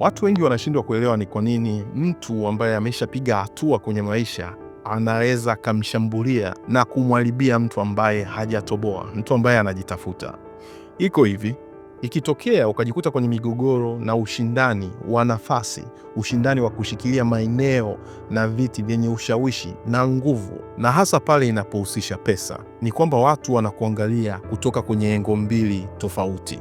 Watu wengi wanashindwa kuelewa ni kwa nini mtu ambaye ameshapiga hatua kwenye maisha anaweza akamshambulia na kumwaribia mtu ambaye hajatoboa, mtu ambaye anajitafuta. Iko hivi, ikitokea ukajikuta kwenye migogoro na ushindani wa nafasi, ushindani wa kushikilia maeneo na viti vyenye ushawishi na nguvu, na hasa pale inapohusisha pesa, ni kwamba watu wanakuangalia kutoka kwenye engo mbili tofauti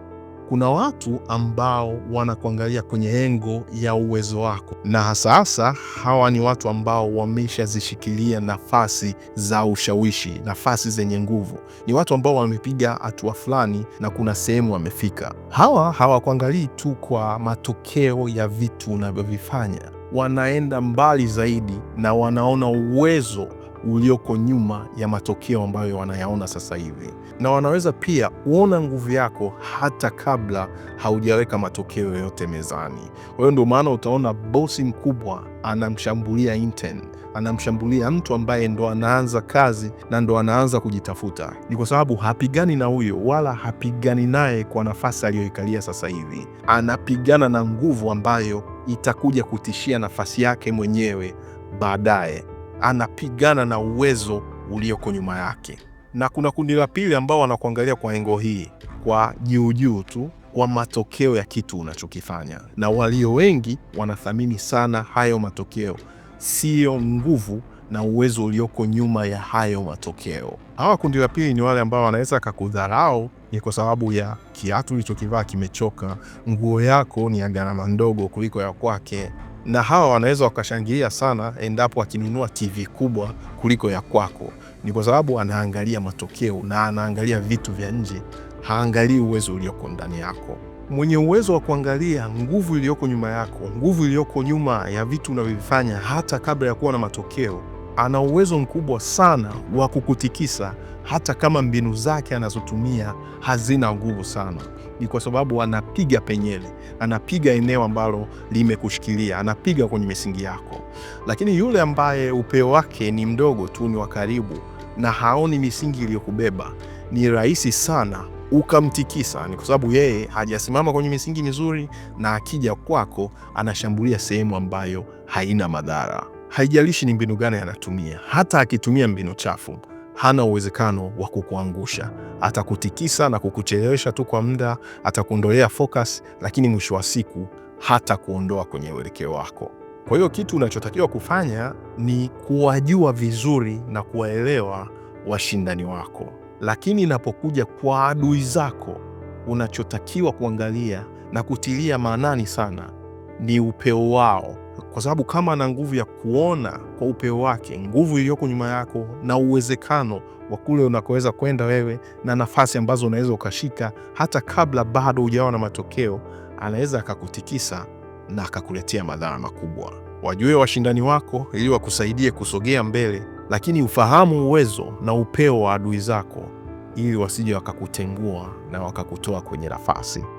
kuna watu ambao wanakuangalia kwenye engo ya uwezo wako, na hasa hasa hawa ni watu ambao wameshazishikilia nafasi za ushawishi, nafasi zenye nguvu. Ni watu ambao wamepiga hatua fulani na kuna sehemu wamefika. Hawa hawakuangalii tu kwa matokeo ya vitu unavyovifanya, wanaenda mbali zaidi na wanaona uwezo ulioko nyuma ya matokeo ambayo wanayaona sasa hivi, na wanaweza pia kuona nguvu yako hata kabla haujaweka matokeo yoyote mezani. Kwa hiyo ndio maana utaona bosi mkubwa anamshambulia intern, anamshambulia mtu ambaye ndo anaanza kazi na ndo anaanza kujitafuta. Ni kwa sababu hapigani na huyo wala hapigani naye kwa nafasi aliyoikalia sasa hivi, anapigana na nguvu ambayo itakuja kutishia nafasi yake mwenyewe baadaye anapigana na uwezo ulioko nyuma yake. Na kuna kundi la pili ambao wanakuangalia kwa engo hii kwa juujuu tu kwa matokeo ya kitu unachokifanya, na walio wengi wanathamini sana hayo matokeo, siyo nguvu na uwezo ulioko nyuma ya hayo matokeo. Hawa kundi la pili ni wale ambao wanaweza kakudharau ni kwa sababu ya kiatu ulichokivaa kimechoka, nguo yako ni ya gharama ndogo kuliko ya kwake, na hawa wanaweza wakashangilia sana endapo akinunua TV kubwa kuliko ya kwako. Ni kwa sababu anaangalia matokeo na anaangalia vitu vya nje, haangalii uwezo ulioko ndani yako. Mwenye uwezo wa kuangalia nguvu iliyoko nyuma yako, nguvu iliyoko nyuma ya vitu unavyovifanya hata kabla ya kuwa na matokeo ana uwezo mkubwa sana wa kukutikisa, hata kama mbinu zake anazotumia hazina nguvu sana. Ni kwa sababu anapiga penyele, anapiga eneo ambalo limekushikilia, anapiga kwenye misingi yako. Lakini yule ambaye upeo wake ni mdogo tu, ni wa karibu na haoni misingi iliyokubeba, ni rahisi sana ukamtikisa. Ni kwa sababu yeye hajasimama kwenye misingi mizuri, na akija kwako anashambulia sehemu ambayo haina madhara haijalishi ni mbinu gani anatumia. Hata akitumia mbinu chafu, hana uwezekano wa kukuangusha. Atakutikisa na kukuchelewesha tu kwa muda, atakuondolea focus, lakini mwisho wa siku hata kuondoa kwenye uelekeo wako. Kwa hiyo kitu unachotakiwa kufanya ni kuwajua vizuri na kuwaelewa washindani wako, lakini inapokuja kwa adui zako, unachotakiwa kuangalia na kutilia maanani sana ni upeo wao, kwa sababu kama ana nguvu ya kuona kwa upeo wake nguvu iliyoko nyuma yako na uwezekano wa kule unakoweza kwenda wewe na nafasi ambazo unaweza ukashika, hata kabla bado hujawa na matokeo, anaweza akakutikisa na akakuletea madhara makubwa. Wajue washindani wako ili wakusaidie kusogea mbele, lakini ufahamu uwezo na upeo wa adui zako ili wasije wakakutengua na wakakutoa kwenye nafasi.